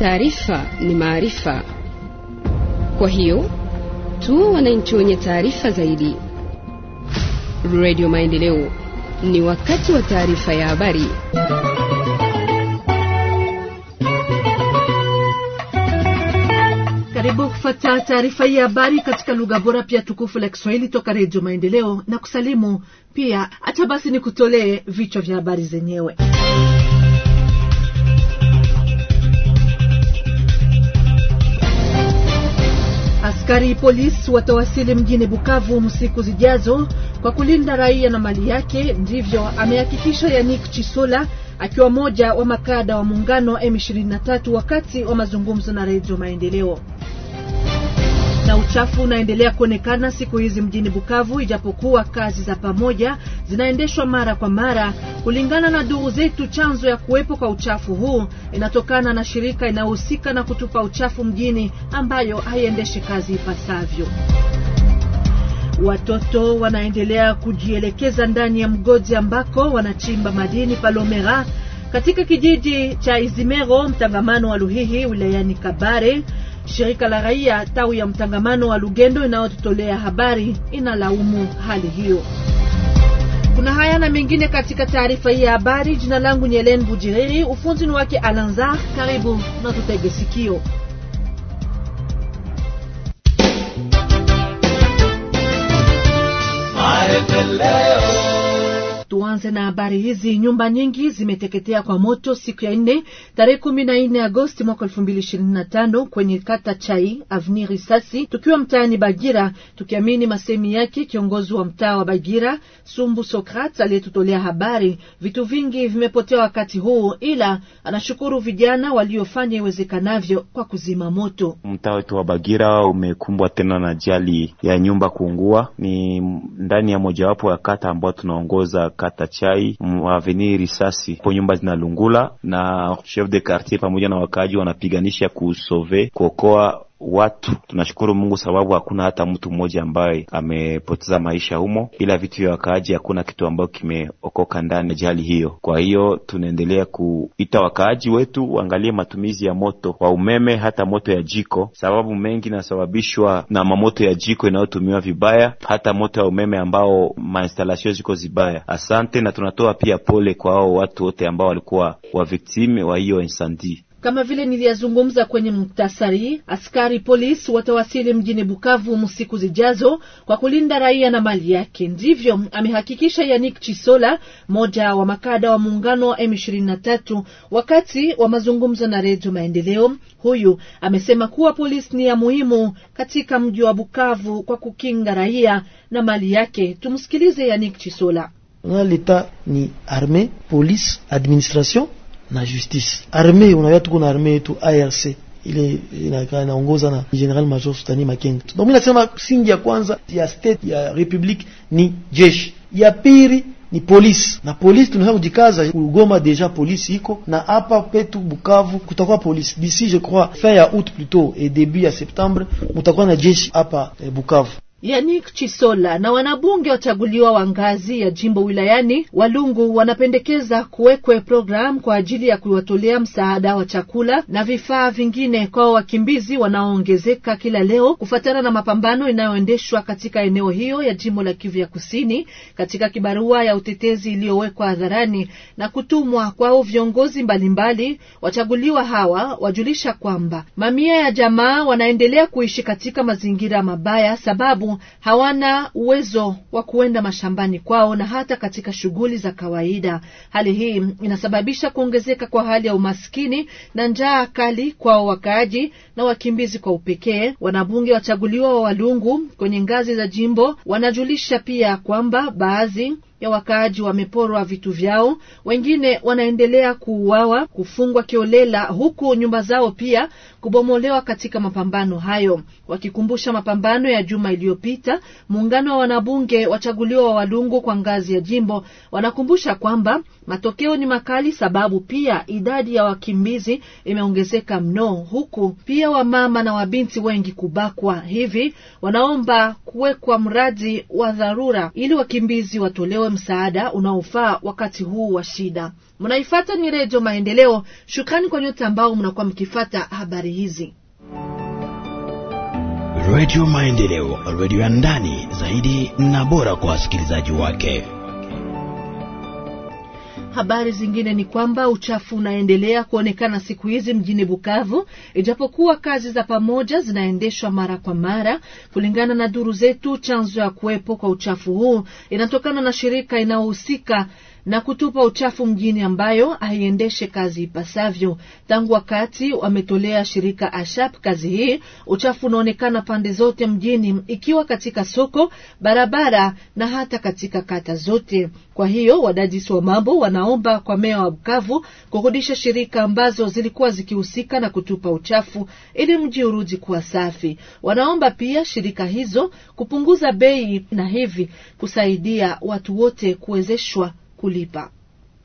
Taarifa ni maarifa, kwa hiyo tu wananchi wenye taarifa zaidi. Radio Maendeleo, ni wakati wa taarifa ya habari. Karibu kufuata taarifa hii ya habari katika lugha bora pia tukufu la Kiswahili toka Redio Maendeleo na kusalimu pia. hata basi ni kutolee vichwa vya habari zenyewe. Askari polisi watawasili mjini Bukavu msiku zijazo kwa kulinda raia na mali yake, ndivyo amehakikisha Yanik Chisola akiwa mmoja wa makada wa muungano M23 wakati wa mazungumzo na Redio Maendeleo. Na uchafu unaendelea kuonekana siku hizi mjini Bukavu, ijapokuwa kazi za pamoja zinaendeshwa mara kwa mara. Kulingana na duru zetu, chanzo ya kuwepo kwa uchafu huu inatokana na shirika inayohusika na kutupa uchafu mjini ambayo haiendeshi kazi ipasavyo. Watoto wanaendelea kujielekeza ndani ya mgodi ambako wanachimba madini Palomera katika kijiji cha Izimero, mtangamano wa Luhihi wilayani Kabare. Shirika la raia tawi ya mtangamano wa Lugendo inayotutolea habari inalaumu hali hiyo. Kuna haya na mengine katika taarifa hii ya habari. Jina langu ni Helen Bujiriri, ufunzi ni wake Alanzar. Karibu na tutege sikio. Tuanze na habari hizi. Nyumba nyingi zimeteketea kwa moto siku ya nne tarehe kumi na nne Agosti mwaka elfu mbili ishirini na tano kwenye kata Chai Avni Risasi, tukiwa mtaani Bagira, tukiamini masemi yake kiongozi wa mtaa wa Bagira Sumbu Sokrat aliyetutolea habari. Vitu vingi vimepotea wakati huu, ila anashukuru vijana waliofanya iwezekanavyo kwa kuzima moto. Mtaa wetu wa Bagira umekumbwa tena na jali ya nyumba kuungua, ni ndani ya mojawapo ya kata ambayo tunaongoza kata chai mwaveni risasi po nyumba zinalungula, na chef de quartier pamoja na wakaaji wanapiganisha kusove kuokoa watu. Tunashukuru Mungu sababu hakuna hata mtu mmoja ambaye amepoteza maisha humo, ila vitu vya wakaaji, hakuna kitu ambayo kimeokoka ndani ajali hiyo. Kwa hiyo tunaendelea kuita wakaaji wetu waangalie matumizi ya moto wa umeme, hata moto ya jiko, sababu mengi inasababishwa na mamoto ya jiko inayotumiwa vibaya, hata moto ya umeme ambao mainstalasio ziko zibaya. Asante, na tunatoa pia pole kwa hao watu wote ambao walikuwa waviktime wa hiyo insandi. Kama vile niliyazungumza kwenye muktasari, askari polisi watawasili mjini Bukavu siku zijazo kwa kulinda raia na mali yake. Ndivyo amehakikisha yanik Chisola, moja wa makada wa muungano wa M23 wakati wa mazungumzo na Redio Maendeleo. Huyu amesema kuwa polisi ni ya muhimu katika mji wa Bukavu kwa kukinga raia na mali yake. Tumsikilize yanik Chisola. L'Etat ni arme police, administration na justice. Arme unajua tuko na arme yetu ARC ile inaongoza na General Major Sutani Makenga. Donc mimi nasema singi ya kwanza ya state ya republique ni jeshi, ya pili ni polisi na polisi tunaweza kujikaza kugoma. Deja polisi iko na hapa petu Bukavu, kutakuwa polisi d'ici je crois fin ya août plutôt et début ya septembre, mutakuwa na jeshi hapa eh, Bukavu. Yannick Chisola na wanabunge wachaguliwa wa ngazi ya jimbo wilayani Walungu wanapendekeza kuwekwe programu kwa ajili ya kuwatolea msaada wa chakula na vifaa vingine kwa wakimbizi wanaoongezeka kila leo kufuatana na mapambano inayoendeshwa katika eneo hiyo ya jimbo la Kivu ya Kusini. Katika kibarua ya utetezi iliyowekwa hadharani na kutumwa kwao viongozi mbalimbali, wachaguliwa hawa wajulisha kwamba mamia ya jamaa wanaendelea kuishi katika mazingira mabaya sababu hawana uwezo wa kuenda mashambani kwao na hata katika shughuli za kawaida. Hali hii inasababisha kuongezeka kwa hali ya umaskini na njaa kali kwa wakaaji na wakimbizi kwa upekee. Wanabunge wachaguliwa wa Walungu kwenye ngazi za jimbo wanajulisha pia kwamba baadhi ya wakaaji wameporwa vitu vyao, wengine wanaendelea kuuawa, kufungwa kiolela, huku nyumba zao pia kubomolewa katika mapambano hayo. Wakikumbusha mapambano ya juma iliyopita, muungano wa wanabunge wachaguliwa wa Walungu kwa ngazi ya jimbo wanakumbusha kwamba Matokeo ni makali, sababu pia idadi ya wakimbizi imeongezeka mno, huku pia wamama na wabinti wengi kubakwa. Hivi wanaomba kuwekwa mradi wa dharura ili wakimbizi watolewe msaada unaofaa wakati huu wa shida. Mnaifata ni Redio Maendeleo. Shukrani kwa nyote ambao mnakuwa mkifata habari hizi. Redio Maendeleo, redio ya ndani zaidi na bora kwa wasikilizaji wake. Habari zingine ni kwamba uchafu unaendelea kuonekana siku hizi mjini Bukavu, ijapokuwa kazi za pamoja zinaendeshwa mara kwa mara. Kulingana na duru zetu, chanzo ya kuwepo kwa uchafu huu inatokana na shirika inayohusika na kutupa uchafu mjini ambayo haiendeshe kazi ipasavyo. Tangu wakati wametolea shirika Ashap kazi hii, uchafu unaonekana pande zote mjini, ikiwa katika soko, barabara na hata katika kata zote. Kwa hiyo wadadisi wa mambo wanaomba kwa meya wa Bukavu kurudisha shirika ambazo zilikuwa zikihusika na kutupa uchafu ili mji urudi kuwa safi. Wanaomba pia shirika hizo kupunguza bei na hivi kusaidia watu wote kuwezeshwa Culipa.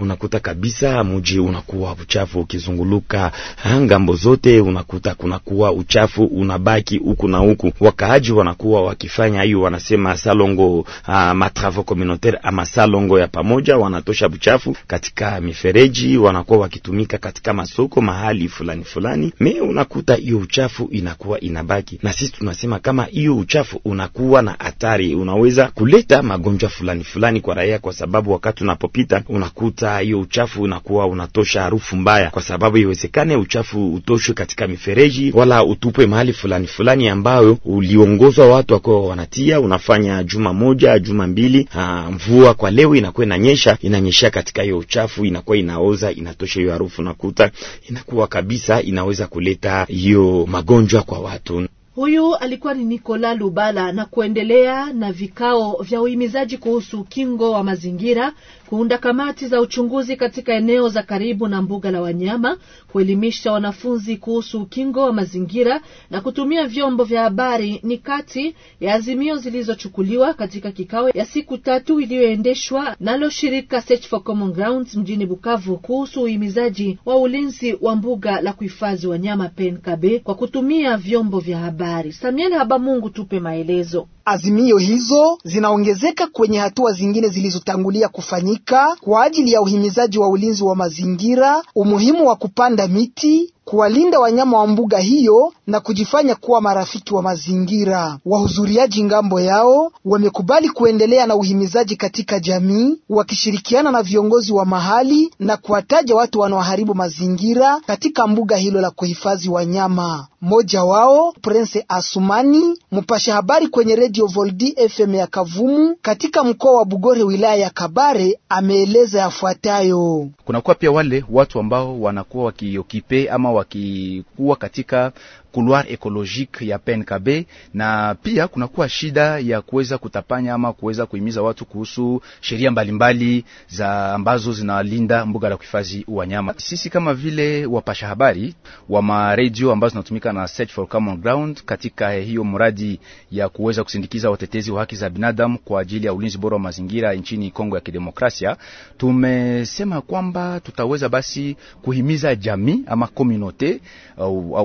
unakuta kabisa muji unakuwa uchafu ukizunguluka ngambo zote, unakuta kunakuwa uchafu unabaki huku na huku. Wakaaji wanakuwa wakifanya hiyo, wanasema salongo uh, matravo communautaire ama salongo ya pamoja, wanatosha buchafu katika mifereji, wanakuwa wakitumika katika masoko mahali fulani fulani, me unakuta hiyo uchafu inakuwa inabaki, na sisi tunasema kama hiyo uchafu unakuwa na hatari, unaweza kuleta magonjwa fulani fulani kwa raia, kwa sababu wakati unapopita unakuta sasa hiyo uchafu unakuwa unatosha harufu mbaya, kwa sababu iwezekane uchafu utoshwe katika mifereji wala utupwe mahali fulani fulani ambayo uliongozwa watu wako wanatia. Unafanya juma moja juma mbili, ah, mvua kwa leo inakuwa inanyesha inanyesha katika hiyo uchafu inakuwa inaoza inatosha hiyo harufu, nakuta inakuwa kabisa inaweza kuleta hiyo magonjwa kwa watu. Huyu alikuwa ni Nikola Lubala na kuendelea na vikao vya uhimizaji kuhusu ukingo wa mazingira kuunda kamati za uchunguzi katika eneo za karibu na mbuga la wanyama, kuelimisha wanafunzi kuhusu ukingo wa mazingira na kutumia vyombo vya habari ni kati ya azimio zilizochukuliwa katika kikao ya siku tatu iliyoendeshwa nalo shirika Search for Common Grounds mjini Bukavu kuhusu uhimizaji wa ulinzi wa mbuga la kuhifadhi wanyama PNKB kwa kutumia vyombo vya habari. Samuel Habamungu tupe maelezo. Azimio hizo zinaongezeka kwenye hatua zingine zilizotangulia kufanyika kwa ajili ya uhimizaji wa ulinzi wa mazingira, umuhimu wa kupanda miti kuwalinda wanyama wa mbuga hiyo na kujifanya kuwa marafiki wa mazingira. Wahudhuriaji ngambo yao wamekubali kuendelea na uhimizaji katika jamii, wakishirikiana na viongozi wa mahali na kuwataja watu wanaoharibu mazingira katika mbuga hilo la kuhifadhi wanyama. Mmoja wao Prince Asumani, mpasha habari kwenye Radio Voldi FM ya Kavumu katika mkoa wa Bugore, wilaya ya Kabare, ameeleza yafuatayo: kunakuwa pia wale watu ambao wanakuwa wakiokipe ama wakikuwa katika couloir ekolojik ya PNKB, na pia kunakuwa shida ya kuweza kutapanya ama kuweza kuhimiza watu kuhusu sheria mbalimbali za ambazo zinalinda mbuga la kuhifadhi wanyama. Sisi kama vile wapasha habari wa maredio ambazo zinatumika na Search for Common Ground katika hiyo mradi ya kuweza kusindikiza watetezi wa haki za binadamu kwa ajili ya ulinzi bora wa mazingira nchini Kongo ya Kidemokrasia, tumesema kwamba tutaweza basi kuhimiza jamii ama komunote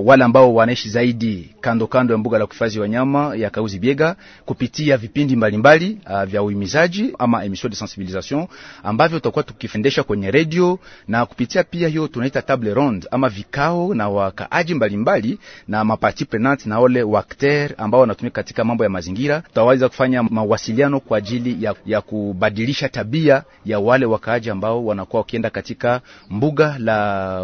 wale ambao wana wanaishi zaidi kando kando ya mbuga la kuhifadhi wanyama ya Kauzi Biega kupitia vipindi mbalimbali uh, vya uhimizaji ama emission de sensibilisation ambavyo tutakuwa tukifendesha kwenye redio na kupitia pia hiyo tunaita table round ama vikao na wakaaji mbalimbali mbali, na mapati prenant na wale wakter ambao wanatumika katika mambo ya mazingira. Tutaweza kufanya mawasiliano kwa ajili ya, ya kubadilisha tabia ya wale wakaaji ambao wanakuwa wakienda katika mbuga la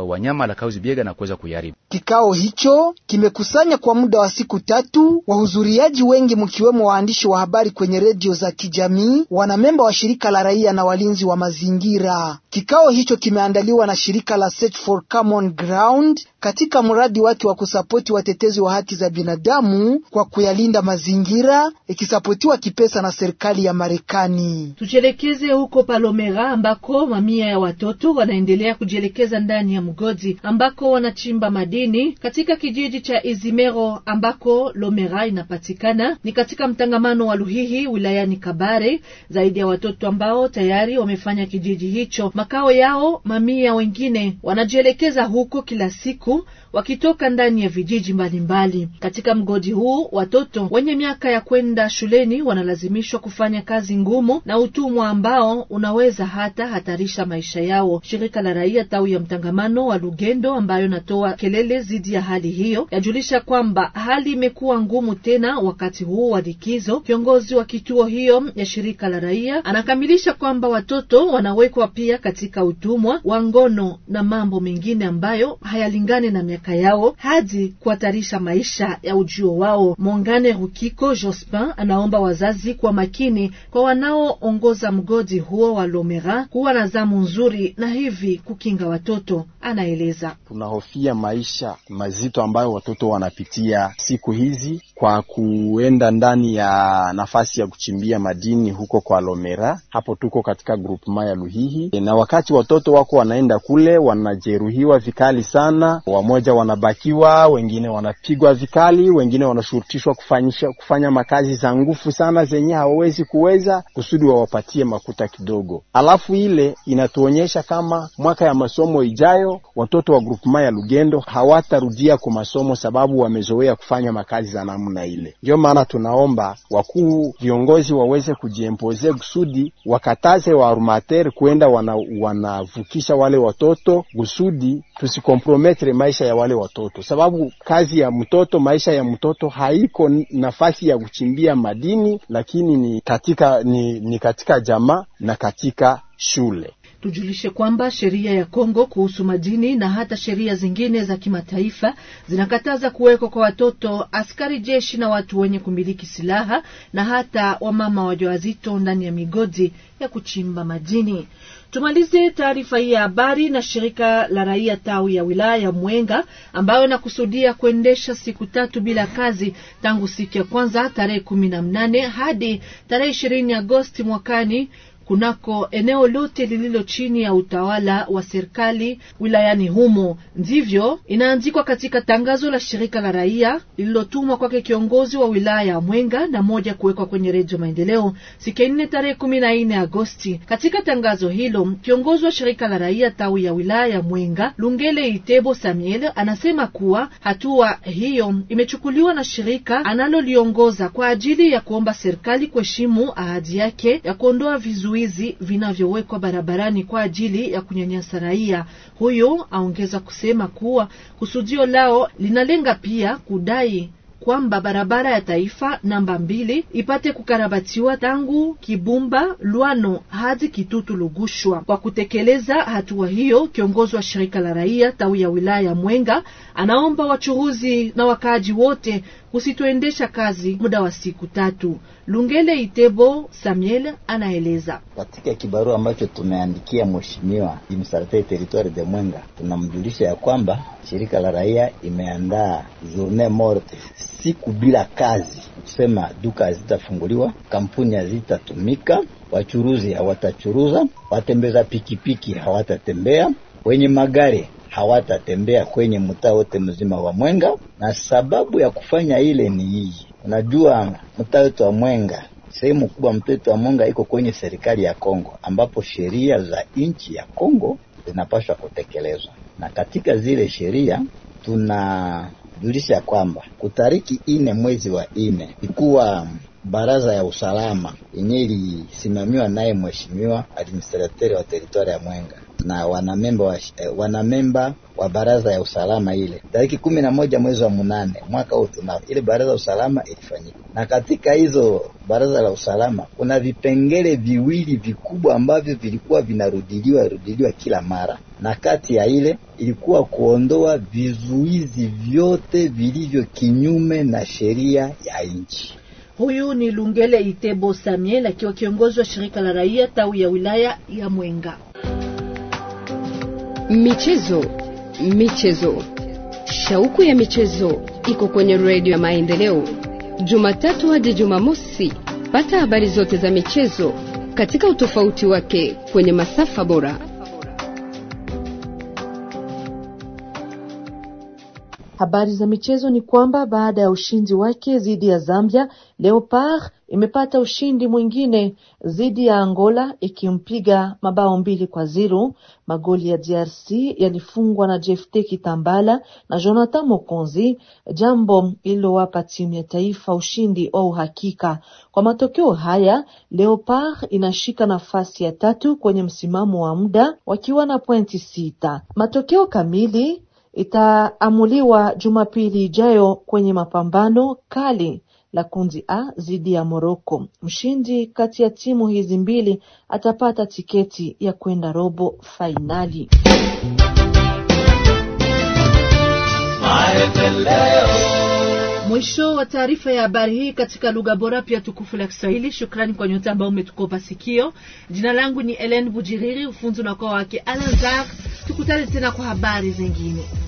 wanyama la Kauzi Biega na kuweza kuyaribu. Kikao hicho kime imekusanya kwa muda wa siku tatu wahudhuriaji wengi mkiwemo waandishi wa habari kwenye redio za kijamii, wanamemba wa shirika la raia na walinzi wa mazingira. Kikao hicho kimeandaliwa na shirika la Search for Common Ground katika mradi wake wa kusapoti watetezi wa haki za binadamu kwa kuyalinda mazingira, ikisapotiwa kipesa na serikali ya Marekani. Tujielekeze huko Palomera ambako mamia ya watoto wanaendelea kujielekeza ndani ya mgodi ambako wanachimba madini katika kijiji cha cha Izimero ambako Lomera inapatikana ni katika mtangamano wa Luhihi wilayani Kabare. Zaidi ya watoto ambao tayari wamefanya kijiji hicho makao yao, mamia wengine wanajielekeza huko kila siku wakitoka ndani ya vijiji mbalimbali mbali. Katika mgodi huu watoto wenye miaka ya kwenda shuleni wanalazimishwa kufanya kazi ngumu na utumwa ambao unaweza hata hatarisha maisha yao. Shirika la raia tawi ya mtangamano wa Lugendo ambayo natoa kelele dhidi ya hali hiyo ya Anajulisha kwamba hali imekuwa ngumu tena wakati huu wa likizo. Kiongozi wa kituo hiyo ya shirika la raia anakamilisha kwamba watoto wanawekwa pia katika utumwa wa ngono na mambo mengine ambayo hayalingani na miaka yao hadi kuhatarisha maisha ya ujio wao. Mongane Rukiko Jospin anaomba wazazi kwa makini kwa wanaoongoza mgodi huo wa Lomera kuwa na zamu nzuri na hivi kukinga watoto. Anaeleza tunahofia maisha mazito ambayo watoto watoto wanapitia siku hizi kwa kuenda ndani ya nafasi ya kuchimbia madini huko kwa Lomera. Hapo tuko katika groupement ya Luhihi, e, na wakati watoto wako wanaenda kule wanajeruhiwa vikali sana, wamoja wanabakiwa, wengine wanapigwa vikali, wengine wanashurutishwa kufanyisha kufanya makazi za nguvu sana zenye hawawezi kuweza kusudi wawapatie makuta kidogo. Alafu ile inatuonyesha kama mwaka ya masomo ijayo watoto wa groupement ya Lugendo hawatarudia kwa masomo sababu wamezoea kufanya makazi za namna namna ile. Ndio maana tunaomba wakuu viongozi waweze kujiempoze kusudi wakataze wa armater kwenda wanavukisha wana wale watoto kusudi tusikomprometre maisha ya wale watoto, sababu kazi ya mtoto, maisha ya mtoto haiko nafasi ya kuchimbia madini, lakini ni katika, ni, ni katika jamaa na katika shule. Tujulishe kwamba sheria ya Kongo kuhusu madini na hata sheria zingine za kimataifa zinakataza kuwekwa kwa watoto, askari jeshi na watu wenye kumiliki silaha na hata wamama wajawazito ndani ya migodi ya kuchimba madini. Tumalize taarifa hii ya habari na shirika la raia tawi ya wilaya ya Mwenga ambayo inakusudia kuendesha siku tatu bila kazi tangu siku ya kwanza tarehe kumi na mnane hadi tarehe ishirini Agosti mwakani kunako eneo lote lililo chini ya utawala wa serikali wilayani humo. Ndivyo inaandikwa katika tangazo la shirika la raia lililotumwa kwake kiongozi wa wilaya ya Mwenga na moja kuwekwa kwenye Redio Maendeleo siku nne tarehe kumi na nne Agosti. Katika tangazo hilo kiongozi wa shirika la raia tawi ya wilaya ya Mwenga Lungele Itebo Samuel anasema kuwa hatua hiyo imechukuliwa na shirika analoliongoza kwa ajili ya kuomba serikali kuheshimu ahadi yake ya kuondoa vizuizi vizuizi vinavyowekwa barabarani kwa ajili ya kunyanyasa raia. Huyu aongeza kusema kuwa kusudio lao linalenga pia kudai kwamba barabara ya taifa namba mbili ipate kukarabatiwa tangu Kibumba Lwano hadi Kitutu Lugushwa. Kwa kutekeleza hatua hiyo, kiongozi wa shirika la raia tawi ya wilaya ya Mwenga anaomba wachuruzi na wakaaji wote kusitoendesha kazi muda wa siku tatu. Lungele Itebo Samuel anaeleza katika kibarua ambacho tumeandikia mheshimiwa imsarte territoire de Mwenga, tunamjulisha ya kwamba shirika la raia imeandaa journee morte siku bila kazi, kusema duka hazitafunguliwa, kampuni hazitatumika, wachuruzi hawatachuruza, watembeza pikipiki hawatatembea, wenye magari hawatatembea kwenye mtaa wote mzima wa Mwenga, na sababu ya kufanya ile ni hii. Unajua mtaa wetu wa Mwenga sehemu kubwa mtoto wa Mwenga iko kwenye serikali ya Kongo, ambapo sheria za nchi ya Kongo zinapaswa kutekelezwa, na katika zile sheria tuna kujulisha kwamba kutariki ine mwezi wa ine ikuwa baraza ya usalama yenye ilisimamiwa naye mheshimiwa administrateri wa teritoria ya Mwenga na wanamemba wa, eh, wanamemba wa baraza ya usalama ile tariki kumi na moja mwezi wa munane mwaka huu tunao ile baraza ya usalama ilifanyika, na katika hizo baraza la usalama kuna vipengele viwili vikubwa ambavyo vilikuwa vinarudiliwa rudiliwa kila mara, na kati ya ile ilikuwa kuondoa vizuizi vyote vilivyo kinyume na sheria ya nchi. Huyu ni Lungele Itebo Samiel akiwa kiongozi wa shirika la raia tawi ya wilaya ya Mwenga. Michezo, michezo, shauku ya michezo iko kwenye redio ya Maendeleo, Jumatatu hadi Jumamosi. Pata habari zote za michezo katika utofauti wake kwenye masafa bora. Habari za michezo ni kwamba baada ya ushindi wake dhidi ya Zambia, Leopard imepata ushindi mwingine dhidi ya Angola ikimpiga mabao mbili kwa zero. Magoli ya DRC yalifungwa na Jefte Kitambala na Jonathan Mokonzi, jambo lililowapa timu ya taifa ushindi wa uhakika. Kwa matokeo haya, Leopard inashika nafasi ya tatu kwenye msimamo wa muda wakiwa na pointi sita. Matokeo kamili itaamuliwa Jumapili ijayo kwenye mapambano kali la kundi A dhidi ya moroko Mshindi kati ya timu hizi mbili atapata tiketi ya kwenda robo fainali. Mwisho wa taarifa ya habari hii katika lugha bora pia tukufu la Kiswahili. Shukrani kwa nyote ambao umetukopa sikio. Jina langu ni Ellen Bujiriri, ufunzi kwa wake Alanzar. Tukutane tena kwa habari zingine.